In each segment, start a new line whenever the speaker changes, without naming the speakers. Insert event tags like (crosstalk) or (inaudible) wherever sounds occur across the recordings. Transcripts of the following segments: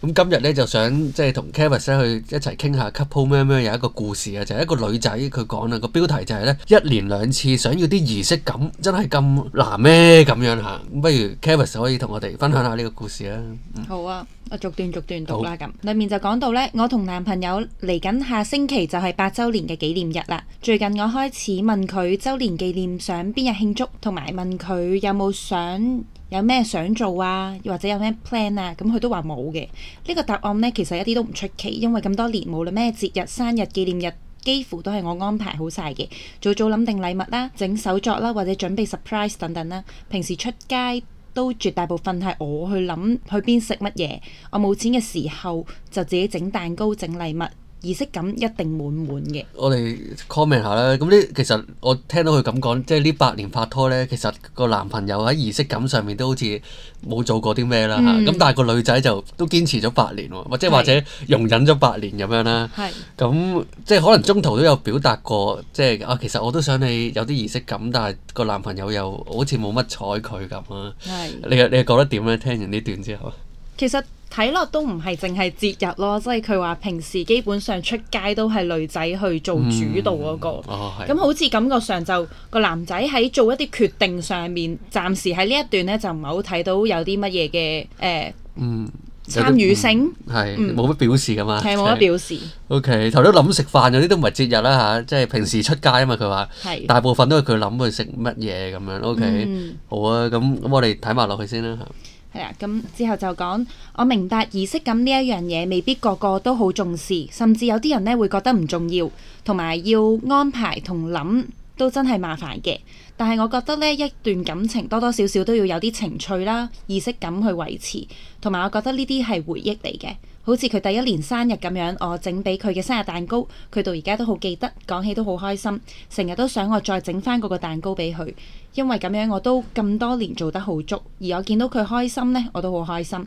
咁今日咧就想即係同 Charis 去一齊傾下 Couple 咩，咩有一個故事啊，就係、是、一個女仔佢講啦，個標題就係、是、咧一年兩次想要啲儀式感，真係咁難咩咁樣吓、啊？不如 Charis 可以同我哋分享下呢個故事啊！嗯、好啊，
我逐段逐段讀啦咁。好裏面就講到咧，我同男朋友嚟緊下，下星期就係八周年嘅紀念日啦。最近我開始問佢周年紀念想邊日慶祝，同埋問佢有冇想。有咩想做啊？或者有咩 plan 啊？咁佢都話冇嘅。呢個答案呢，其實一啲都唔出奇，因為咁多年無論咩節日、生日、紀念日，幾乎都係我安排好晒嘅。早早諗定禮物啦，整手作啦，或者準備 surprise 等等啦。平時出街都絕大部分係我去諗去邊食乜嘢。我冇錢嘅時候就自己整蛋糕、整禮物。儀式感一定滿滿嘅。
我哋 comment 下啦。咁呢，其實我聽到佢咁講，即係呢八年拍拖呢，其實個男朋友喺儀式感上面都好似冇做過啲咩啦。咁、嗯啊、但係個女仔就都堅持咗八年、啊，或即或者容忍咗八年咁樣啦、啊。咁是即係可能中途都有表達過，即係啊，其實我都想你有啲儀式感，但係個男朋友又好似冇乜睬佢咁啊。是你你覺得點呢？聽完呢段之後。
其實。睇落都唔係淨係節日咯，即係佢話平時基本上出街都係女仔去做主導嗰、那個，咁、嗯哦、好似感覺上就個男仔喺做一啲決定上面，暫時喺呢一段咧就唔係好睇到有啲乜嘢嘅誒
參與性，係冇乜表示㗎嘛，係冇乜表示。O K 頭都諗食飯嗰啲都唔係節日啦吓、啊，即係平時出街啊嘛，佢話，的大部分都係佢諗去食乜嘢咁樣。O、okay, K、嗯、好啊，咁咁我哋睇埋落去先啦嚇。
係啊，咁、嗯、之後就講，我明白儀式感呢一樣嘢未必個個都好重視，甚至有啲人呢會覺得唔重要，同埋要安排同諗都真係麻煩嘅。但係我覺得呢一段感情多多少少都要有啲情趣啦，儀式感去維持，同埋我覺得呢啲係回憶嚟嘅。好似佢第一年生日咁樣，我整俾佢嘅生日蛋糕，佢到而家都好記得，講起都好開心，成日都想我再整翻嗰個蛋糕俾佢。因為咁樣我都咁多年做得好足，而我見到佢開心呢，我都好開心。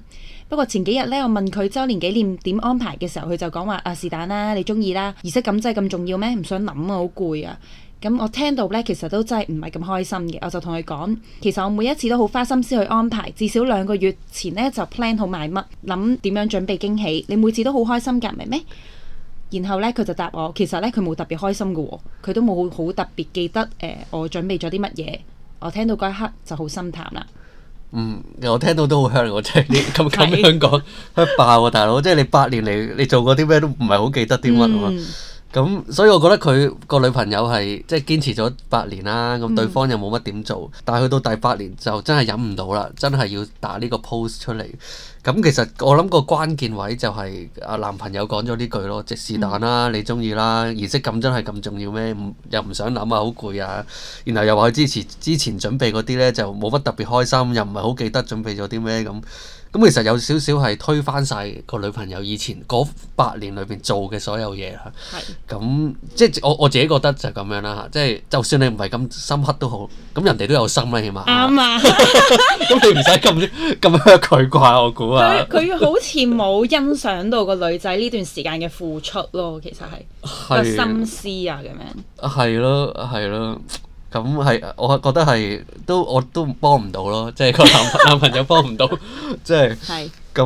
不過前幾日呢，我問佢周年紀念點安排嘅時候，佢就講話啊是但啦，你中意啦，儀式感真係咁重要咩？唔想諗啊，好攰啊。咁我聽到咧，其實都真係唔係咁開心嘅。我就同佢講，其實我每一次都好花心思去安排，至少兩個月前呢，就 plan 好買乜，諗點樣準備驚喜。你每次都好開心㗎，明咩？然後呢，佢就答我，其實呢，佢冇特別開心嘅喎、哦，佢都冇好特別記得誒、呃、我準備咗啲乜嘢。我聽到嗰一刻就好心淡啦。嗯，
我聽到都好香喎，即係你咁咁樣講， (laughs) (laughs) 香爆喎、啊、大佬，即係 (laughs) 你八年嚟你做過啲咩都唔係好記得啲乜咁所以我覺得佢個女朋友係即係堅持咗八年啦、啊，咁對方又冇乜點做，嗯、但係去到第八年就真係忍唔到啦，真係要打呢個 post 出嚟。咁其實我諗個關鍵位就係阿男朋友講咗呢句咯，即是但啦、啊，你中意啦，儀式感真係咁重要咩？唔又唔想諗啊，好攰啊，然後又話佢之前之前準備嗰啲呢，就冇乜特別開心，又唔係好記得準備咗啲咩咁。咁、嗯、其實有少少係推翻晒個女朋友以前嗰八年裏邊做嘅所有嘢啦。
咁
是、嗯、即係我我自己覺得就咁樣啦。即係就算你唔係咁深刻都好，咁人哋都有心啦，起碼。
啱對啊。咁、 (laughs) (laughs) 嗯、你唔
使咁咁黑佢啩？我估啊。佢好
似冇欣賞到個女仔呢段時間嘅付出咯，其實係個心思啊咁
樣。係咯、啊，係咯、啊。咁係，我覺得係都我都幫唔到咯，即係個男 (laughs) 男朋友幫唔到， (laughs) 即係是。係是。咁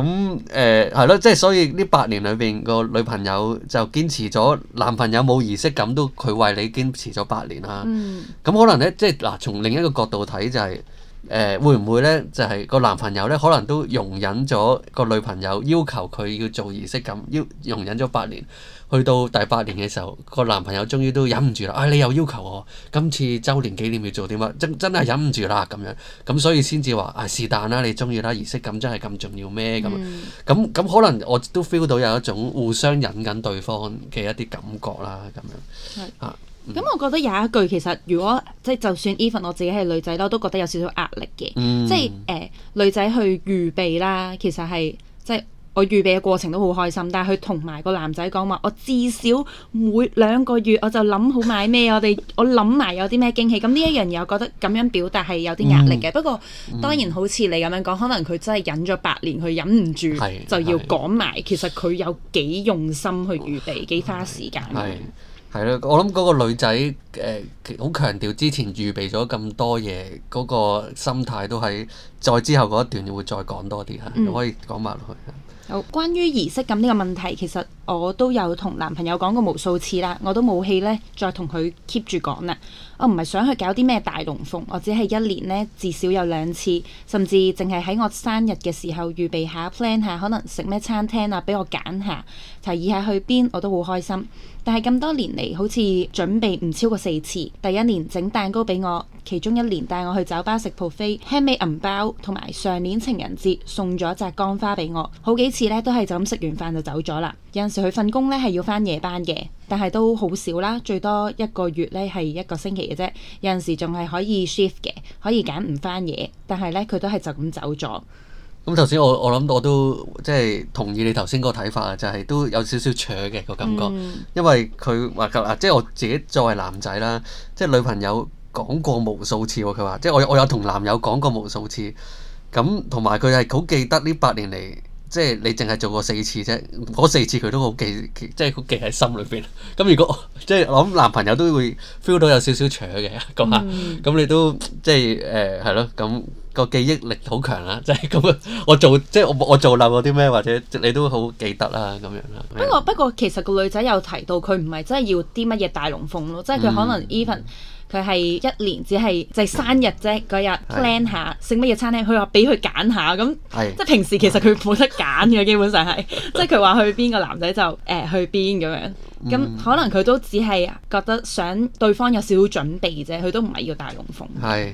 誒係咯，即、呃、係所以呢八年裏邊個女朋友就堅持咗，男朋友冇儀式感都佢為你堅持咗八年啦。嗯。咁可能咧，即係嗱、啊，從另一個角度睇就係、是、誒、呃，會唔會咧？就係、是、個男朋友咧，可能都容忍咗個女朋友要求佢要做儀式感，要容忍咗八年。去到第八年嘅時候，個男朋友終於都忍唔住啦！啊、哎，你又要求我今次周年紀念要做啲乜？真真係忍唔住啦咁樣，咁所以先至話啊，是但啦，你中意啦，儀式感真係咁重要咩？咁咁咁可能我都 feel 到有一種互相忍緊對方嘅一啲感覺啦咁樣。
係咁是、啊嗯、咁我覺得有一句其實，如果即係就算 even 我自己係女仔啦，我都覺得有少少壓力嘅。嗯、即係誒、呃，女仔去預備啦，其實係即係。我預備嘅過程都好開心，但係佢同埋個男仔講話，我至少每兩個月我就諗好買咩，我哋我諗埋有啲咩驚喜。咁呢一樣嘢，我覺得咁樣表達係有啲壓力嘅。嗯、不過當然好似你咁樣講，嗯、可能佢真係忍咗八年，佢忍唔住是就要講埋。的其實佢有幾用心去預備，幾的花時間。係
係咯，我諗嗰個女仔誒好強調之前預備咗咁多嘢，嗰、嗰個心態都係再之後嗰一段要會再講多啲吓，嗯、你可以講埋落去。
有關於儀式感呢個問題，其實我都有同男朋友講過無數次啦，我都冇氣呢，再同佢 keep 住講啦。我唔係想去搞啲咩大龍鳳，我只係一年呢至少有兩次，甚至淨係喺我生日嘅時候預備一下 plan 一下，可能食咩餐廳啊，俾我揀下，提議下去邊我都好開心。但係咁多年嚟，好似準備唔超過四次。第一年整蛋糕俾我，其中一年帶我去酒吧食 buffet、handmade (music) 銀包，同埋上年情人節送咗紮乾花俾我。好幾次呢都係就咁食完飯就走咗啦。有陣時佢份工咧係要翻夜班嘅，但係都好少啦，最多一個月咧係一個星期嘅啫。有陣時仲係可以 shift 嘅，可以揀唔翻夜，但係咧佢都係就咁走咗。
咁頭先我我諗我都即係同意你頭先個睇法啊，就係都有少少扯嘅個感覺，因為佢話啊，即係我自己作為男仔啦，即係女朋友講過無數次喎，佢話即係我我有同男友講過無數次，咁同埋佢係好記得呢八年嚟。即係你淨係做過四次啫，嗰四次佢都好記，即係好記喺心裏邊。咁如果即係我諗男朋友都會 feel 到有少少搶嘅，講下。咁，嗯，你都即係誒係咯，咁個記憶力好強啦，即係咁啊！我做即係我我做漏咗啲咩，或者你都好記得啦，咁樣啦。不過
不過其實個女仔有提到，佢唔係真係要啲乜嘢大龍鳳咯，即係佢可能 even。嗯佢係一年只係就係生日啫嗰日 plan 下食乜嘢餐廳，佢話俾佢揀下咁，是即係平時其實佢冇得揀嘅， (laughs) 基本上係 (laughs) 即係佢話去邊個男仔就誒、哎、去邊咁樣，咁、嗯、可能佢都只係覺得想對方有少少準備啫，佢都唔係要大龍鳳。
係，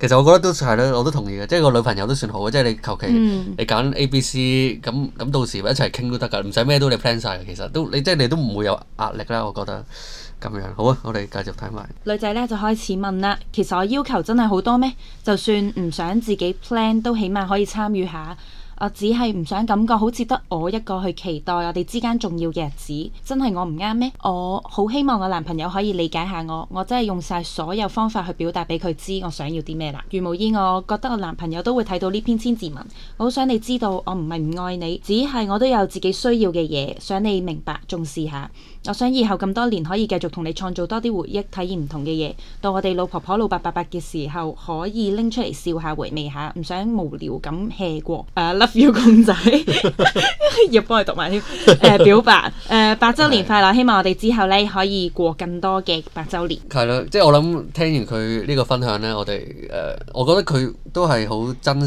其實我覺得都係啦，我都同意嘅，即係個女朋友都算好嘅，即係你求其你揀 A、B、C、嗯、B、C 咁咁到時一齊傾都得噶，唔使咩都你 plan 曬，其實都你即係你都唔會有壓力啦，我覺得。咁樣好啊！我哋繼續睇埋
女仔咧，就開始問啦。其實我要求真係好多咩？就算唔想自己 plan，都起碼可以參與下。我只係唔想感覺好似得我一個去期待我哋之間重要嘅日子，真係我唔啱咩？我好希望我男朋友可以理解下我。我真係用晒所有方法去表達俾佢知我想要啲咩啦。如無意外，我覺得我男朋友都會睇到呢篇千字文。我好想你知道，我唔係唔愛你，只係我都有自己需要嘅嘢，想你明白重視下。我想以後咁多年可以繼續同你創造多啲回憶，體驗唔同嘅嘢。到我哋老婆婆老伯伯伯嘅時候，可以拎出嚟笑下、回味下，唔想無聊咁 hea 過。Uh, love you 公仔， (laughs) (laughs) 要幫佢讀埋、呃、 (laughs) 表白，誒、呃，八週年快樂！希望我哋之後呢可以過更多嘅八週年。
係啦，即係我諗聽完佢呢個分享呢，我哋誒，uh, 我覺得佢都係好真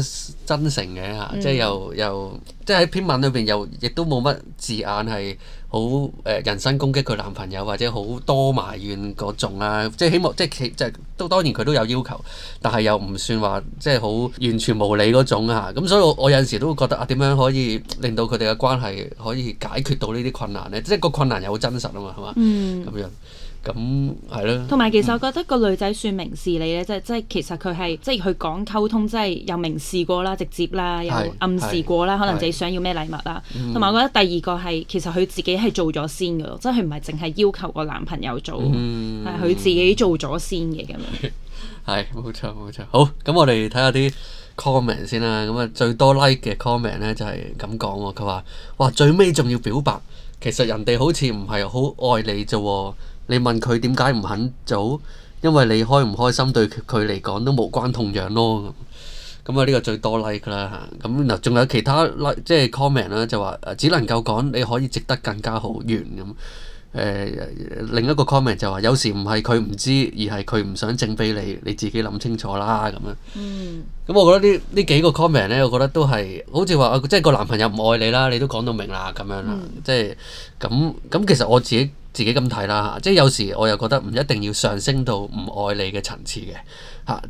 真誠嘅嚇，即係又又即係喺篇文裏邊又亦都冇乜字眼係，好誒，人身攻擊佢男朋友或者好多埋怨嗰種啦，即係希望即係其即係都當然佢都有要求，但係又唔算話即係好完全無理嗰種。咁所以我有陣時都會覺得啊，點樣可以令到佢哋嘅關係可以解決到呢啲困難呢？即係個困難又好真實啊嘛，係嘛？嗯，咁樣。咁係咯，同埋、嗯、其實我
覺得個女仔算明事理咧，即即、嗯、其實佢係即係佢講溝通，即係又明示過啦、直接啦，又是暗示過啦，是可能自己想要咩禮物啦。同埋、嗯、我覺得第二個係其實佢自己係做咗先嘅，即係佢唔係淨係要求個男朋友做，係佢、嗯、自己做咗先嘅咁樣。
係冇、嗯、 (laughs) 錯冇錯，好咁我哋睇下啲 comment 先啦。咁啊最多 like 嘅 comment 咧就係咁講喎，佢話：哇最尾仲要表白，其實人哋好似唔係好愛你咋喎。你問佢點解唔肯做？因為你開唔開心對佢嚟講都無關痛癢咯。咁啊呢個最多 like 啦。咁、嗯、嗱，仲有其他 like 即係 comment 啦、啊，就話只能夠講你可以值得更加好完咁。誒、嗯、另一個 comment 就話有時唔係佢唔知，而係佢唔想整俾你。你自己諗清楚啦咁樣。咁、嗯嗯、我覺得呢呢幾個 comment 呢，我覺得都係好似話即係個男朋友唔愛你啦，你都講到明啦咁樣。嗯、即係咁咁，其實我自己。自己咁睇啦嚇，即係有時我又覺得唔一定要上升到唔愛你嘅層次嘅。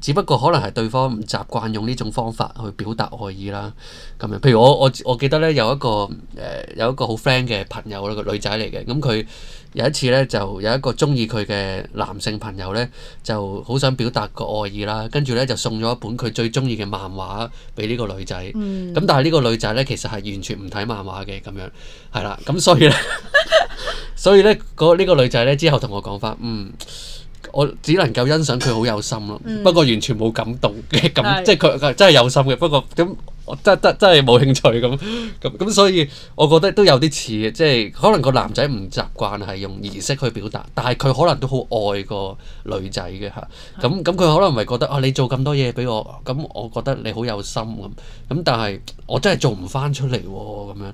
只不過可能係對方唔習慣用呢種方法去表達愛意啦，咁樣。譬如我我我記得咧有一個誒、呃、有一個好 friend 嘅朋友啦，一個女仔嚟嘅。咁佢有一次咧就有一個中意佢嘅男性朋友咧就好想表達個愛意啦，跟住咧就送咗一本佢最中意嘅漫畫俾呢個女仔。咁、嗯、但係呢個女仔咧其實係完全唔睇漫畫嘅咁樣，係啦。咁所以咧， (laughs) (laughs) 所以咧呢個女仔咧之後同我講翻，嗯。我只能夠欣賞佢好有心咯，嗯、不過完全冇感動嘅感，的即係佢佢真係有心嘅，不過咁。我真真真係冇興趣咁咁，所以我覺得都有啲似嘅，即係可能個男仔唔習慣係用儀式去表達，但係佢可能都好愛個女仔嘅嚇。咁咁佢可能係覺得啊，你做咁多嘢俾我，咁我覺得你好有心咁。咁、啊、但係我真係做唔翻出嚟喎，咁樣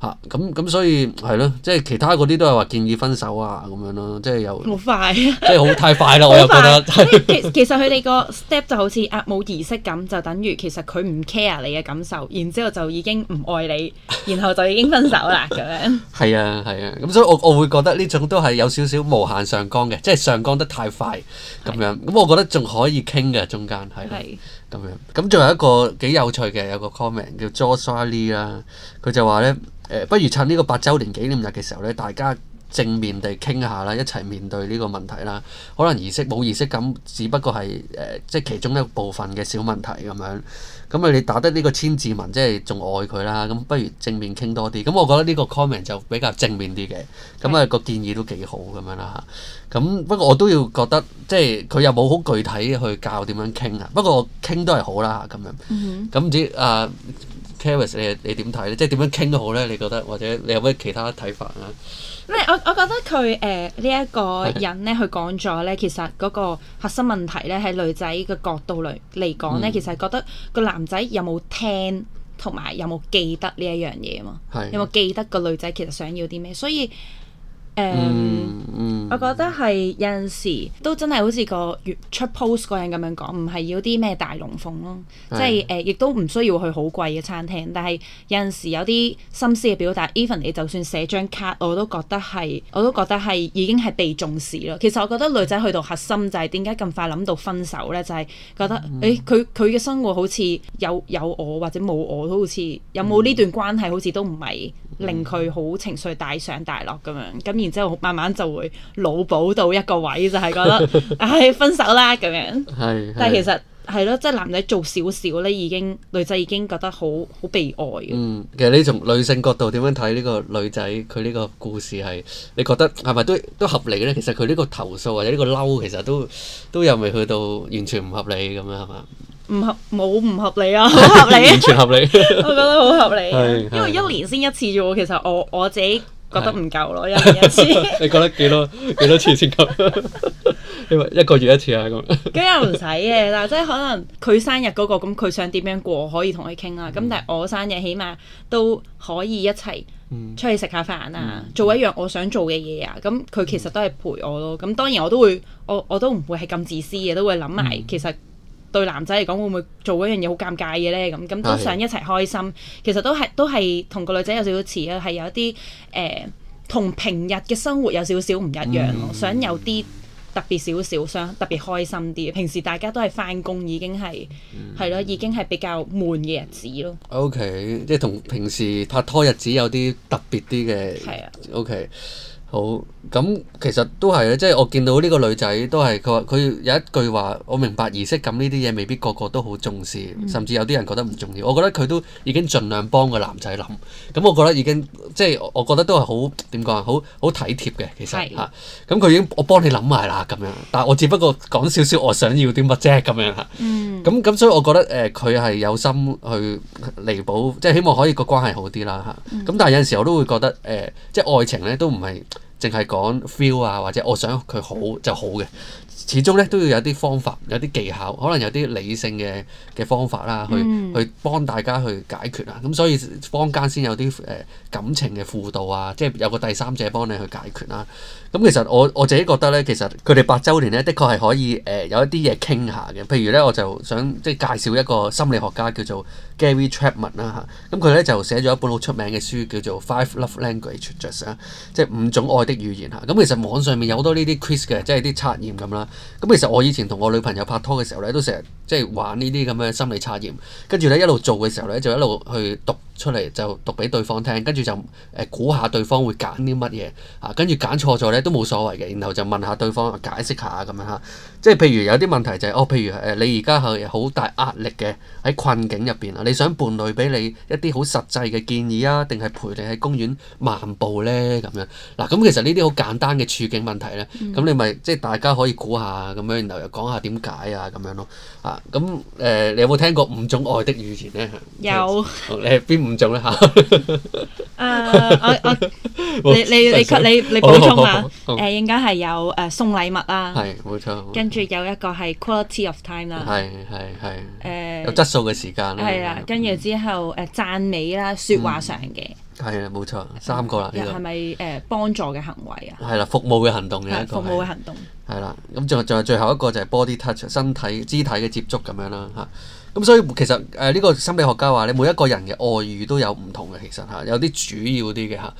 嚇。咁、啊、咁、啊啊、所以係咯，即係其他嗰啲都係話建議分手啊咁樣咯，又很快 即係有好
快啊！即係好
太快啦，快我又覺得。其
(laughs) 其實佢哋個 step 就好似啊冇儀式咁，就等於其實佢唔 care 你嘅咁。然之後就已經唔愛你， (laughs) 然後就已經分手啦咁
樣。係 (laughs) 啊，係啊，咁所以我我會覺得呢種都係有少少無限上綱嘅，即係上綱得太快咁樣。咁是、嗯、我覺得仲可以傾嘅中間係咁樣。咁、嗯、仲有一個幾有趣嘅有個 comment 叫 Jo Shirley 啦、啊，佢就話呢：呃「誒，不如趁呢個八周年紀念日嘅時候呢，大家正面地傾下啦，一齊面對呢個問題啦、啊。可能儀式冇儀式感，只不過係誒、呃，即係其中一部分嘅小問題咁樣。咁你你打得呢個千字文，即係仲愛佢啦。咁不如正面傾多啲。咁我覺得呢個 comment 就比較正面啲嘅。咁、咁、啊個建議都幾好咁樣啦。咁不過我都要覺得，即係佢又冇好具體去教點樣傾啊。不過傾都係好啦。咁樣。咁唔知啊，Charis 你你點睇咧？即係點樣傾都好咧，你覺得？或者你有咩其他睇法啊？
咩？我我覺得佢誒呢一個人咧，佢講咗咧，其實嗰個核心問題咧，喺女仔嘅角度嚟嚟講咧，嗯、其實覺得個男仔有冇聽同埋有冇記得呢一樣嘢嘛？係有冇記得個女仔其實想要啲咩？所以。誒，um, 嗯、我覺得係有陣時都真係好似個月出 post 嗰人咁樣講，唔係要啲咩大龍鳳咯，是即係誒、呃，亦都唔需要去好貴嘅餐廳。但係有陣時有啲心思嘅表達，even 你就算寫張卡，我都覺得係，我都覺得係已經係被重視咯。其實我覺得女仔去到核心就係點解咁快諗到分手呢？就係、是、覺得誒，佢佢嘅生活好似有有我或者冇我都好似有冇呢段關係好，好似都唔係。令佢好情緒大上大落咁樣，咁然之後慢慢就會腦補到一個位，就係、係、覺得唉、 (laughs) 哎、分手啦咁樣。
係， (laughs) 但係其實係咯，
即係、 (laughs) 就是、男仔做少少咧，已經女仔已經覺得好好被愛嘅。
嗯，其實你從女性角度點樣睇呢個女仔佢呢個故事係？你覺得係咪都都合理嘅咧？其實佢呢個投訴或者呢個嬲，其實都都又未去到完全唔合理咁樣啊？係
唔合冇唔合理啊，好合理，啊，完全合理。我覺得好合理，啊，因為一年先一次啫，其實我我自己覺得唔夠咯，是一年一
次。 (laughs) 你覺得幾多 (laughs) 幾多次先夠？因 (laughs) 為一個月一次啊，
咁。咁又唔使嘅，嗱，即係可能佢生日嗰、嗰個，咁佢想點樣過，可以同佢傾啊。咁、嗯、但係我生日，起碼都可以一齊出去食下飯啊，嗯嗯、做一樣我想做嘅嘢啊。咁佢其實都係陪我咯。咁當然我都會，我我都唔會係咁自私嘅，都會諗埋、嗯、其實。對男仔嚟講會唔會做嗰樣嘢好尷尬嘅呢？咁咁都想一齊開心，其實都係都係同個女仔有少少似啊，係有一啲誒，同平日嘅生活有少少唔一樣咯，想有啲特別少少，想特別開心啲。平時大家都係返工，已經係係咯，已經係比較悶嘅日子咯。
OK，即係同平時拍拖日子有啲特別啲嘅係啊。OK。好咁，其實都係啊，即係我見到呢個女仔都係佢話佢有一句話，我明白儀式感呢啲嘢未必個個都好重視，甚至有啲人覺得唔重要。我覺得佢都已經盡量幫個男仔諗，咁我覺得已經即係我覺得都係好點講啊，好好體貼嘅其實嚇。咁佢已經我幫你諗埋啦咁樣，但我只不過講少少我想要啲乜啫咁樣嚇。樣嗯。咁咁、嗯、所以我覺得誒佢係有心去彌補，即係希望可以個關係好啲啦嚇。咁、嗯嗯、但係有陣時我都會覺得誒、呃，即係愛情咧都唔係。淨係講 feel 啊，或者我想佢好，就好嘅。始終咧都要有啲方法，有啲技巧，可能有啲理性嘅嘅方法啦，去去幫大家去解決啊。咁所以坊間先有啲誒感情嘅輔導啊，即係有個第三者幫你去解決啦。咁、嗯、其實我我自己覺得咧，其實佢哋八週年咧，的確係可以誒、呃、有一啲嘢傾下嘅。譬如咧，我就想即係介紹一個心理學家叫做 Gary Chapman 啦、啊。咁佢咧就寫咗一本好出名嘅書叫做《Five Love Languages》啊，即係五種愛的語言嚇。咁、啊啊、其實網上面有好多呢啲 quiz 嘅，即係啲測驗咁啦。啊。咁其實我以前同我女朋友拍拖嘅時候咧，都成日。即係玩呢啲咁嘅心理測驗，跟住咧一路做嘅時候咧，就一路去讀出嚟，就讀俾對方聽，跟住就誒估下對方會揀啲乜嘢啊，跟住揀錯咗咧都冇所謂嘅，然後就問下對方解釋下咁樣嚇、啊。即係譬如有啲問題就係、是、哦，譬如誒你而家係好大壓力嘅，喺困境入邊啊，你想伴侶俾你一啲好實際嘅建議啊，定係陪你喺公園漫步咧咁樣？嗱、啊，咁、啊、其實呢啲好簡單嘅處境問題咧，咁、嗯、你咪即係大家可以估下咁樣，然後又講下點解啊咁樣咯啊。啊啊咁誒、呃，你有冇聽過五種愛的語言咧？有，哦、你係邊五種咧嚇？誒、 (laughs) uh,，我我你你你你你補充下誒，
應該係有誒送禮物啦，係冇錯，錯，跟住有一個係 quality of time 啦，係係係誒有質素嘅時間啦，係啦，跟住之後誒、呃、讚美啦，説話上嘅。嗯
係啊，冇錯，三個啦。呢個係咪
誒幫助嘅行為啊？係
啦，服務嘅行動嘅一個。服務嘅行動。係啦，咁仲仲有最後一個就係 body touch，身體肢體嘅接觸咁樣啦，嚇。咁、嗯、所以其實誒呢、呃這個心理學家話咧，你每一個人嘅愛語都有唔同嘅，其實嚇、啊、有啲主要啲嘅嚇，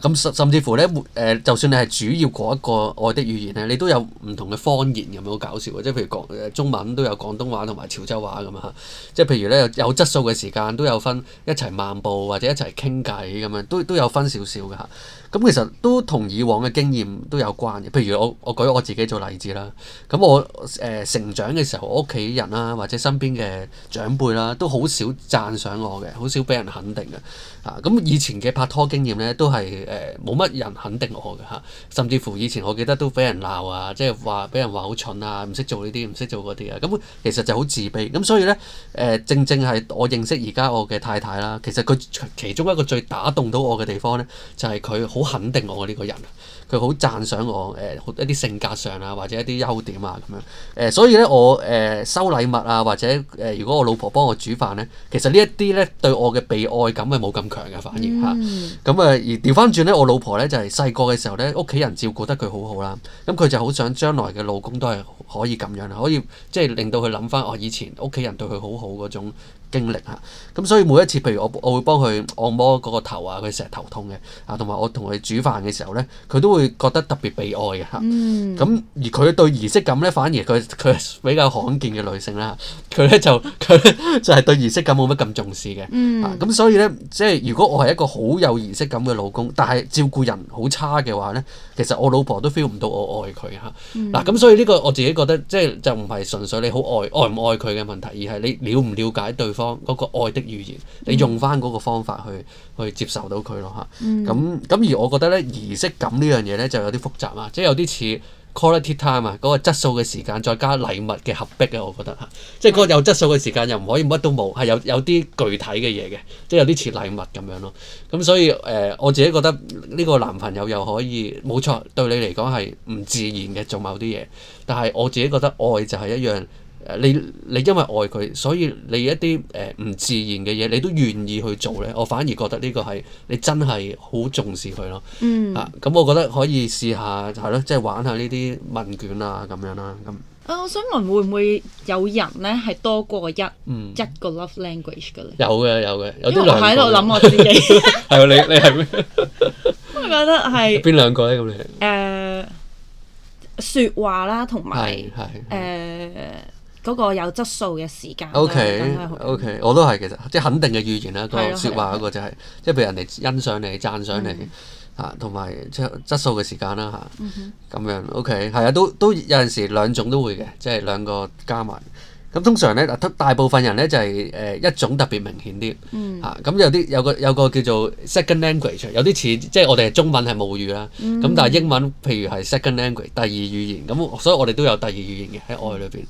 咁甚甚至乎咧誒、呃，就算你係主要嗰一個愛的語言咧，你都有唔同嘅方言，咁好、那個、搞笑嘅，即係譬如廣、啊、中文都有廣東話同埋潮州話咁啊即係、啊啊就是、譬如咧有，有質素嘅時間都有分一齊漫步或者一齊傾偈咁樣，都都有分少少嘅嚇。啊咁其實都同以往嘅經驗都有關嘅，譬如我我舉我自己做例子啦。咁我誒、呃、成長嘅時候，我屋企人啦、啊，或者身邊嘅長輩啦、啊，都好少讚賞我嘅，好少俾人肯定嘅。啊，咁、嗯、以前嘅拍拖經驗咧，都係誒冇乜人肯定我嘅嚇、啊，甚至乎以前我記得都俾人鬧啊，即係話俾人話好蠢啊，唔識做呢啲，唔識做嗰啲啊。咁其實就好自卑。咁、啊、所以咧，誒、呃、正正係我認識而家我嘅太太啦，其實佢其中一個最打動到我嘅地方咧，就係、是、佢好，好肯定我呢個人。佢好讚賞我誒、呃，一啲性格上啊，或者一啲優點啊咁樣誒、呃，所以咧我誒、呃、收禮物啊，或者誒、呃、如果我老婆幫我煮飯咧，其實呢一啲咧對我嘅被愛感係冇咁強嘅，反而吓，咁啊而調翻轉咧，我老婆咧就係細個嘅時候咧，屋企人照顧得佢好好啦。咁佢就好想將來嘅老公都係可以咁樣，可以即係令到佢諗翻我以前屋企人對佢好好嗰種經歷吓。咁所以每一次譬如我我會幫佢按摩嗰個頭，頭啊，佢成日頭痛嘅啊，同埋我同佢煮飯嘅時候咧，佢都會。佢覺得特別被愛嘅嚇，咁而佢對儀式感咧，反而佢佢比較罕見嘅女性啦，佢咧就佢就係對儀式感冇乜咁重視嘅，咁所以咧，即係如果我係一個好有儀式感嘅老公，但係照顧人好差嘅話咧，其實我老婆都 feel 唔到我愛佢嚇，嗱咁所以呢個我自己覺得即係就唔係純粹你好愛愛唔愛佢嘅問題，而係你了唔了解對方嗰個愛的語言，你用翻嗰個方法去去接受到佢咯嚇，咁咁而我覺得咧儀式感呢樣嘢。嘢咧就有啲複雜啊，即係有啲似 quality time 啊，嗰個質素嘅時間再加禮物嘅合璧啊，我覺得嚇，即係嗰個有質素嘅時間又唔可以乜都冇，係有有啲具體嘅嘢嘅，即係有啲似禮物咁樣咯。咁所以誒、呃，我自己覺得呢個男朋友又可以冇錯，對你嚟講係唔自然嘅做某啲嘢，但係我自己覺得愛就係一樣。誒你你因為愛佢，所以你一啲誒唔自然嘅嘢，你都願意去做咧。我反而覺得呢個係你真係好重視佢咯。嗯。啊，咁我覺得可以試下，係咯，即係玩下呢啲問卷啊，咁樣啦。咁。
啊，我想問會唔會有人咧係多過一嗯一個 love language 㗎咧？
有嘅有嘅，有啲人喺度諗我自己。係喎，你你係咩？
我覺得係邊兩個咧？咁你？誒，説話啦，同埋誒。嗰個有質素嘅時間，O K，O
K，我都係其實即係肯定嘅語言啦，個説的話嗰個就係、是、的即係俾人哋欣賞你、讚賞你，嚇、嗯，同埋質質素嘅時間啦吓，咁樣 O K，係啊，嗯、哼 okay, 都都有陣時兩種都會嘅，即係兩個加埋。咁通常咧，大部分人咧就係、是、誒、呃、一種特別明顯啲嚇，咁、嗯啊、有啲有個有個叫做 second language，有啲似即係我哋中文係母語啦，咁、嗯、但係英文譬如係 second language 第二語言，咁所以我哋都有第二語言嘅喺愛裏邊。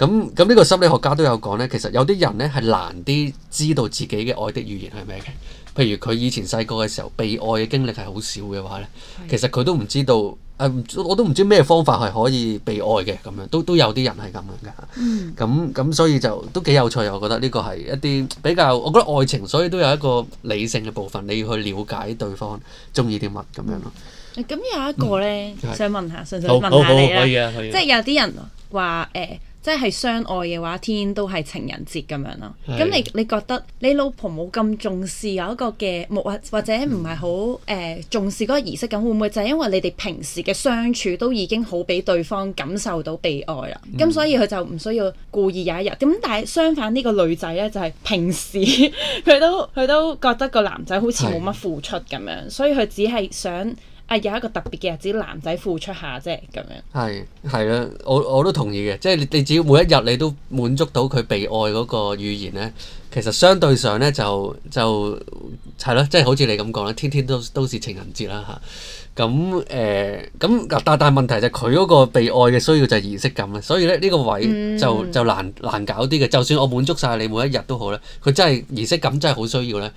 咁咁呢個心理學家都有講咧，其實有啲人咧係難啲知道自己嘅愛的語言係咩嘅。譬如佢以前細個嘅時候被愛嘅經歷係好少嘅話咧，是的 其實佢都唔知道誒、呃，我都唔知咩方法係可以被愛嘅咁樣，都都有啲人係咁樣㗎。嗯、嗯，咁咁所以就都幾有趣。我覺得呢個係一啲比較，我覺得愛情所以都有一個理性嘅部分，你要去了解對方鍾意啲乜咁樣咯。咁、嗯、有一個咧，嗯、
想問下，想的問下你啦，即係有啲人話誒，哎即係相愛嘅話，天天都係情人節咁樣咯。咁的你你覺得你老婆冇咁重視有一個嘅，或或者唔係好誒重視嗰個儀式感，會唔會就係因為你哋平時嘅相處都已經好俾對方感受到被愛啦？咁、嗯、所以佢就唔需要故意有一日。咁但係相反呢個女仔呢，就係、是、平時佢 (laughs) 都佢都覺得個男仔好似冇乜付出咁樣，的所以佢只係想。啊，有一個特別嘅日子，男仔付出下啫，咁樣。
係係啦，我我都同意嘅，即係你只要每一日你都滿足到佢被愛嗰個語言咧，其實相對上咧就就係咯，即係好似你咁講啦，天天都都是情人節啦吓，咁誒咁但但係問題就係佢嗰個被愛嘅需要就係儀式感啦，所以咧呢個位就、嗯、就，就難難搞啲嘅。就算我滿足晒你每一日都好啦，佢真係儀式感真係好需要咧，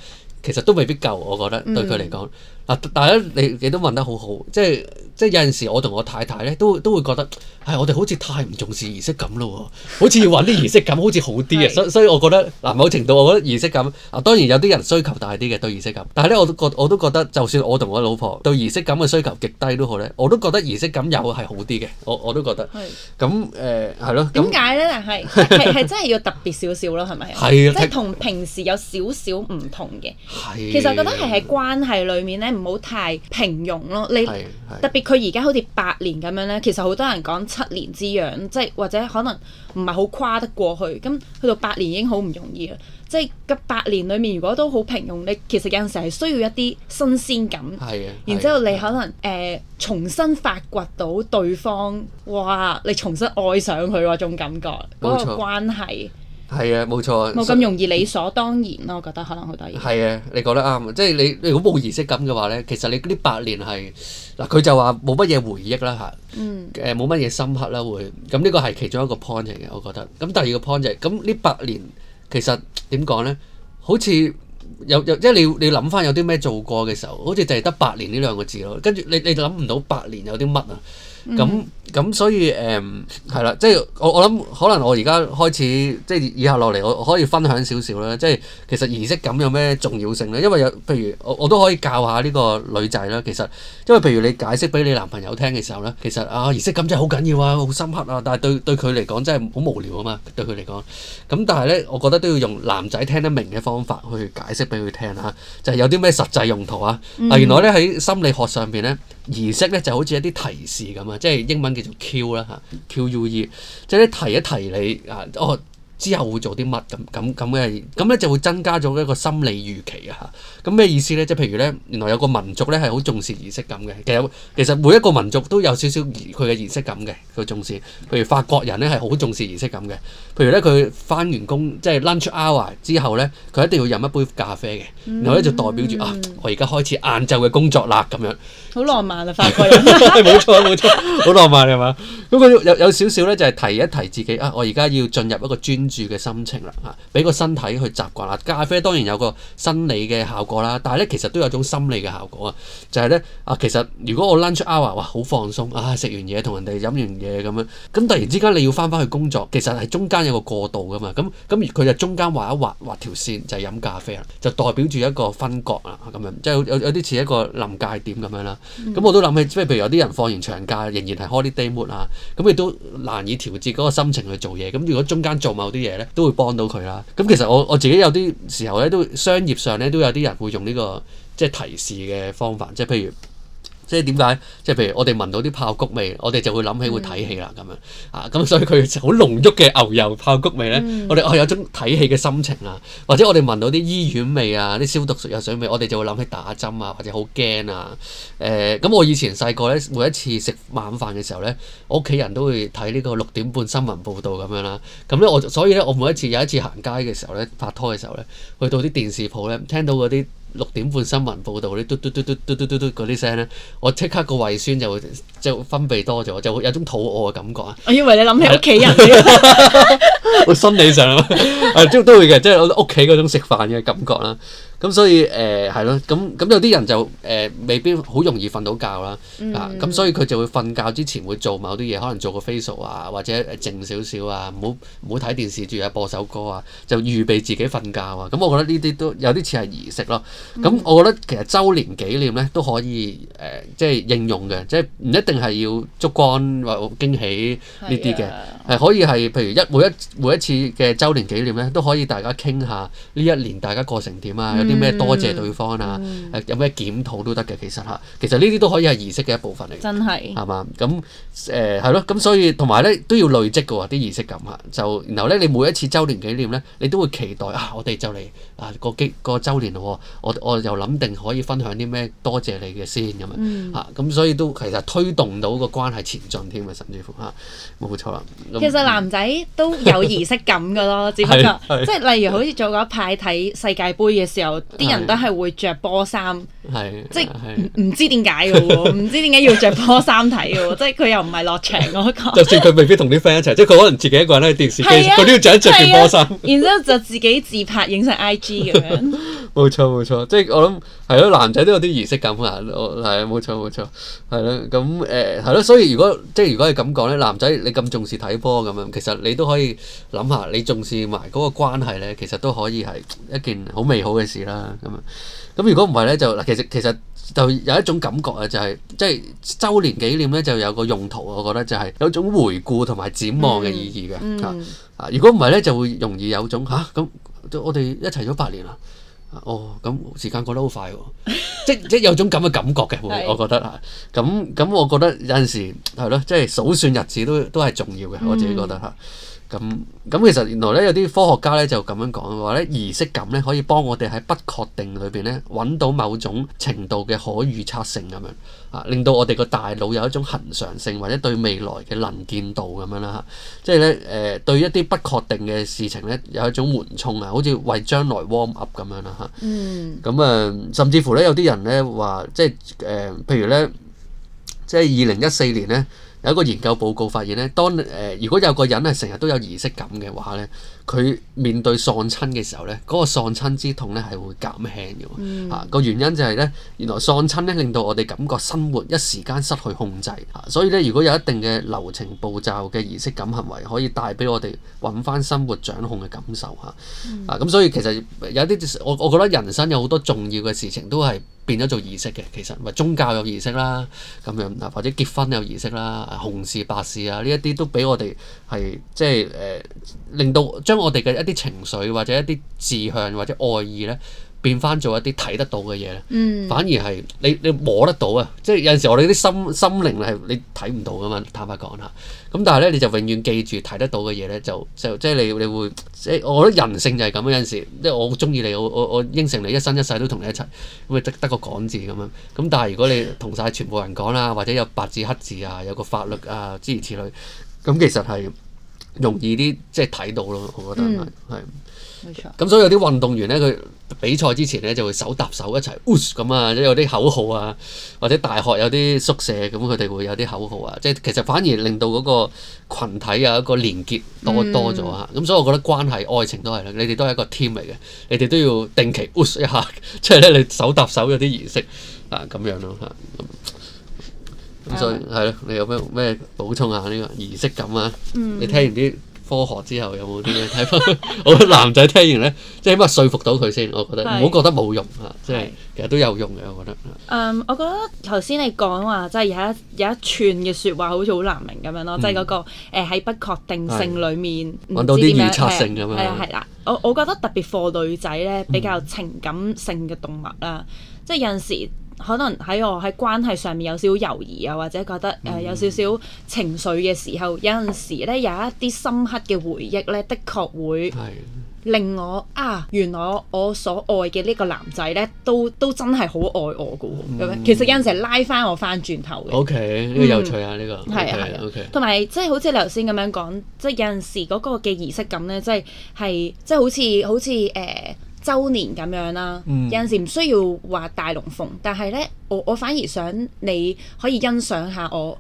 其實都未必夠，我覺得、嗯、對佢嚟講。嗱，大家你你都問得好好，即係即係有陣時我同我太太咧，都會都會覺得，係、哎、我哋好似太唔重視儀式感咯喎，好似要揾啲儀式感好好，好似好啲啊。所所以我，我覺得嗱，某程度我覺得儀式感，嗱當然有啲人需求大啲嘅對儀式感，但係咧，我覺我都覺得，就算我同我老婆對儀式感嘅需求極低都好咧，我都覺得儀式感又係好啲嘅，我我都覺得。咁誒係咯。點解
咧？係係係真係要特別少少咯，係咪？即係同平時有少少唔同嘅。係、啊。其實我覺得係喺關係裡面咧。唔好太平庸咯，你特別佢而家好似八年咁樣呢，其實好多人講七年之癢，即係或者可能唔係好跨得過去，咁去到八年已經好唔容易啦。即係個八年裏面，如果都好平庸，你其實有陣時係需要一啲新鮮感，然之後你可能誒、呃、重新發掘到對方，哇！你重新愛上佢嗰種感覺，嗰個關係。
係啊，冇錯。冇咁容
易理所當然咯，我覺得可能好得意。係
啊，你講得啱，即係你你如果冇儀式感嘅話咧，其實你呢啲八年係嗱，佢就話冇乜嘢回憶啦
嚇，
誒冇乜嘢深刻啦會，咁呢個係其中一個 point 嚟嘅，我覺得。咁第二個 point 就係咁呢八年其實點講咧，好似有有即係你你諗翻有啲咩做過嘅時候，好似就係得八年呢兩個字咯。跟住你你諗唔到八年有啲乜啊？咁咁、嗯、所以誒係啦，即係我我諗可能我而家開始即係以下落嚟我可以分享少少啦，即係其實儀式感有咩重要性咧？因為有譬如我我都可以教下呢個女仔啦，其實因為譬如你解釋俾你男朋友聽嘅時候咧，其實啊儀式感真係好緊要啊，好深刻啊，但係對對佢嚟講真係好無聊啊嘛，對佢嚟講。咁但係咧，我覺得都要用男仔聽得明嘅方法去解釋俾佢聽啦，就係、是、有啲咩實際用途啊？嗱、嗯啊，原來咧喺心理學上邊咧，儀式咧就好似一啲提示咁樣。啊、即係英文叫做 Q 啦、啊、嚇，Q U E，即係咧提一提你啊哦。之後會做啲乜咁咁咁嘅，咁咧就會增加咗一個心理預期啊。嚇，咁咩意思咧？即係譬如咧，原來有個民族咧係好重視儀式感嘅。其實其實每一個民族都有少少佢嘅儀式感嘅，佢重視。譬如法國人咧係好重視儀式感嘅。譬如咧佢返完工即係 lunch hour 之後咧，佢一定要飲一杯咖啡嘅。然後咧就代表住啊，我而家開始晏晝嘅工作啦咁樣。
好浪漫啊，法國人。係
冇錯冇錯，好 (laughs) 浪漫係嘛？咁佢有有，有少少咧就係、係、提一提自己啊，我而家要進入一個專。住嘅心情啦嚇，俾個身體去習慣啦。咖啡當然有個生理嘅效果啦，但係咧其實都有種心理嘅效果啊。就係、是、咧啊，其實如果我 lunch hour 哇，好放鬆啊，食完嘢同人哋飲完嘢咁樣，咁突然之間你要翻返去工作，其實係中間有個過渡噶嘛。咁咁佢就中間畫一畫畫條線就係、是、飲咖啡啦，就代表住一個分割啦咁樣，即係有有啲似一個臨界點咁樣啦。咁、嗯、我都諗起，即係譬如有啲人放完長假仍然係 holiday mood 啊，咁亦都難以調節嗰個心情去做嘢。咁如果中間做某啲，嘢咧都會幫到佢啦。咁其實我我自己有啲時候咧，都商業上咧都有啲人會用呢個即係提示嘅方法，即係譬如。即係點解？即係譬如我哋聞到啲炮谷味，我哋就會諗起會睇戲啦咁樣啊！咁所以佢好濃郁嘅牛油炮谷味咧，嗯、我哋我有種睇戲嘅心情啦。或者我哋聞到啲醫院味啊、啲消毒藥水味，我哋就會諗起打針啊，或者好驚啊。誒、呃、咁我以前細個咧，每一次食晚飯嘅時候咧，我屋企人都會睇呢個六點半新聞報道咁樣啦。咁咧我所以咧我每一次有一次行街嘅時候咧，拍拖嘅時候咧，去到啲電視鋪咧，聽到嗰啲。六點半新聞報道啲嘟嘟嘟嘟嘟嘟嘟嘟嗰啲聲咧，我即刻個胃酸就會即係分泌多咗，就會有種肚餓嘅感覺啊！我以為你諗起屋企人，我心理上啊，都都會嘅，即係屋屋企嗰種食飯嘅感覺啦。咁所以誒，係、呃、咯，咁咁有啲人就誒、呃，未必好容易瞓到覺啦，嗱咁、嗯啊、所以佢就會瞓覺之前會做某啲嘢，可能做個 facial 啊，或者靜少少啊，唔好唔好睇電視住啊，播首歌啊，就預備自己瞓覺啊。咁我覺得呢啲都有啲似係儀式咯。咁、嗯、我覺得其實周年紀念咧都可以誒、呃、即係應用嘅，即係唔一定係要燭光或驚喜呢啲嘅，係的、啊、可以係譬如一每一每一次嘅周年紀念咧，都可以大家傾下呢一年大家過成點啊，啲咩、嗯嗯、多謝對方啊？有咩檢討都得嘅，其實嚇，其實呢啲都可以係儀式嘅一部分嚟。
嘅的，真係係
嘛？咁誒係咯，咁、呃、所以同埋咧都要累積嘅啲儀式感啊，就然後咧你每一次周年紀念咧，你都會期待啊！我哋就嚟啊、個紀、個週年我我又諗定可以分享啲咩多謝你嘅先咁啊嚇！咁、嗯嗯、所以都其實推動到個關係前進添啊，甚至乎嚇冇錯啦、啊。嗯、其實男
仔都有儀式感嘅咯，笑 McMahon 只不過即係例如好似做嗰一派睇世界盃嘅時候。啲人都係會着波衫，即係唔知點解嘅喎，唔知點解要着波衫睇嘅，即係佢又唔係落場嗰個，就算佢
未必同啲 friend 一齊，即係佢可能自己一個人喺電視機，佢的都要着一着件波衫， (laughs)
然之後就自己自拍影晒 IG 咁樣，
冇錯冇錯，即係我諗。係咯，男仔都有啲儀式感啊！我係冇錯冇錯，係咯，咁誒，係咯、嗯。所以如果即係如果係咁講咧，男仔你咁重視睇波咁樣，其實你都可以諗下，你重視埋嗰個關係咧，其實都可以係一件好美好嘅事啦。咁、嗯、咁、嗯、如果唔係咧，就其實其實就有一種感覺啊，就係、是、即係周年紀念咧就有個用途，我覺得就係有種回顧同埋展望嘅意義嘅㗎、嗯嗯。如果唔係咧，就會容易有種吓，咁、啊，我哋一齊咗八年啦。哦，咁時間過得好快喎、哦， (laughs) 即即有種咁嘅感覺嘅， (laughs) 我覺得啊，咁咁我覺得有陣時係咯，即係數算日子都都係重要嘅，我自己覺得嚇。嗯咁咁其實原來咧有啲科學家咧就咁樣講話咧，儀式感咧可以幫我哋喺不確定裏邊咧揾到某種程度嘅可預測性咁樣啊，令到我哋個大腦有一種恒常性或者對未來嘅能見度咁樣啦嚇，即係咧誒對一啲不確定嘅事情咧有一種緩衝啊，好似為將來 warm up 咁樣啦嚇。咁啊、嗯，甚至乎咧有啲人咧話即係誒、呃，譬如咧，即係二零一四年咧。有一個研究報告發現咧，當誒、呃、如果有個人係成日都有儀式感嘅話咧，佢面對喪親嘅時候咧，嗰、那個喪親之痛咧係會減輕嘅喎。嚇、嗯，個、啊、原因就係、是、咧，原來喪親咧令到我哋感覺生活一時間失去控制嚇、啊，所以咧如果有一定嘅流程步驟嘅儀式感行為，可以帶俾我哋搵返生活掌控嘅感受嚇。啊，咁、啊嗯嗯啊、所以其實有啲我我覺得人生有好多重要嘅事情都係。變咗做儀式嘅，其實係宗教有儀式啦，咁樣嗱，或者結婚有儀式啦，紅事白事啊，呢一啲都俾我哋係即係誒，令到將我哋嘅一啲情緒或者一啲志向或者愛意咧。變翻做一啲睇得到嘅嘢咧，嗯、反而係你你摸得到啊！即係有陣時我哋啲心心靈係你睇唔到噶嘛，坦白講吓。咁但係咧，你就永遠記住睇得到嘅嘢咧，就就即係你你會即我覺得人性就係咁。有陣時即係我中意你，我我我應承你一生一世都同你一齊，咁啊得得個講字咁樣。咁但係如果你同晒全部人講啦，或者有白紙黑字啊，有個法律啊，諸如此類，咁其實係容易啲即係睇到咯。我覺得係係。嗯咁、嗯、所以有啲運動員咧，佢比賽之前咧就會手搭手一齊 ush 咁啊，有啲口號啊，或者大學有啲宿舍咁，佢哋會有啲口號啊。即係其實反而令到嗰個羣體有一個連結多多咗嚇。咁、嗯啊、所以我覺得關係、愛情都係啦。你哋都係一個 team 嚟嘅，你哋都要定期 ush、呃、一下，即係咧你手搭手有啲儀式嗱咁、啊、樣咯嚇。咁所以係咯，你有咩咩補充啊、呢個？呢個儀式感啊，你聽完啲。嗯科學之後有冇啲嘢睇翻？我覺得 (laughs) (laughs) 男仔聽完咧， (laughs) 即係起碼說服到佢先，我覺得唔好是覺得冇用嚇，即係是其實都有用嘅，我覺得。
誒、嗯，我覺得頭先你講話，即、就、係、是、有一有一串嘅説話，好似好難明咁樣咯，即係嗰個喺、呃、不確定性裡面是到啲預測性咁樣。係啦，我我覺得特別 for 女仔咧比較情感性嘅動物啦，即係有時。嗯可能喺我喺關係上面有少少猶豫啊，或者覺得誒、呃、有少少情緒嘅時候，嗯、有陣時咧有一啲深刻嘅回憶咧，的確會令我啊，原來我所愛嘅呢個男仔咧，都都真係好愛我嘅喎、啊。咁樣、嗯、其實有陣時係拉翻我翻轉頭嘅。O K，呢
個有趣啊，呢、嗯呢個係啊，O K。同
埋即係好似你頭先咁樣講，即係有陣時嗰個嘅儀式感咧，即係係即係好似好似誒。呃周年咁樣啦，有陣時唔需要話大龍鳳，但係呢，我我反而想你可以欣賞下我。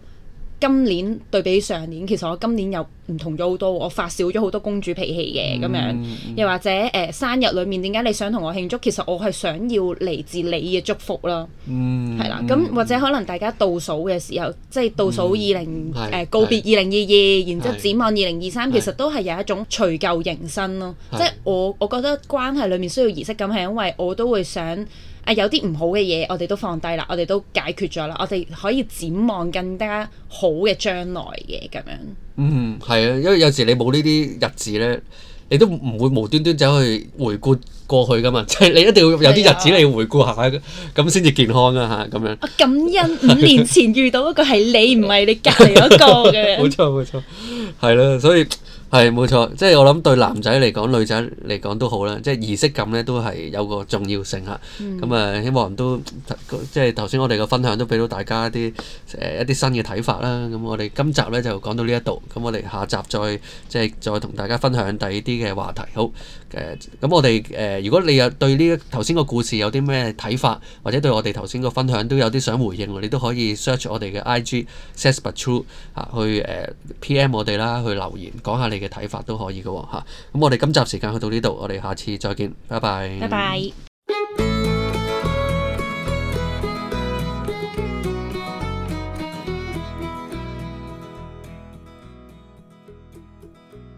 今年對比上年，其實我今年又唔同咗好多，我發少咗好多公主脾氣嘅咁樣，又或者誒、呃、生日裏面點解你想同我慶祝？其實我係想要嚟自你嘅祝福啦，係、嗯、啦。咁或者可能大家倒數嘅時候，即係倒數二零誒告別二零二二，然之後展望二零二三，其實都係有一種除舊迎新咯。即係我我覺得關係裏面需要儀式感，係因為我都會想。啊！有啲唔好嘅嘢，我哋都放低啦，我哋都解決咗啦，我哋可以展望更加好嘅將來嘅咁樣。
嗯，係啊，因為有時你冇呢啲日子咧，你都唔會無端端走去回顧過去噶嘛，即係你一定要有啲日子你要回顧下嘅，咁先至健康啊嚇咁樣。
我感恩五年前遇到一個係你，唔係你隔離嗰個嘅。冇錯冇錯，
係啦，所以。係冇錯，即係我諗對男仔嚟講、女仔嚟講都好啦，即係儀式感咧都係有個重要性嚇。咁誒、嗯啊，希望都即係頭先我哋嘅分享都俾到大家一啲誒、呃、一啲新嘅睇法啦。咁我哋今集咧就講到呢一度，咁我哋下集再即係再同大家分享第二啲嘅話題，好。誒、呃、咁、嗯、我哋誒、呃、如果你有對呢頭先個故事有啲咩睇法，或者對我哋頭先個分享都有啲想回應，你都可以 search 我哋嘅 IG s a s p e r t r u e 嚇去誒 PM 我哋啦，去留言講下你嘅睇法都可以嘅喎嚇。咁、嗯嗯、我哋今集時間去到呢度，我哋下次再見，拜拜。拜拜。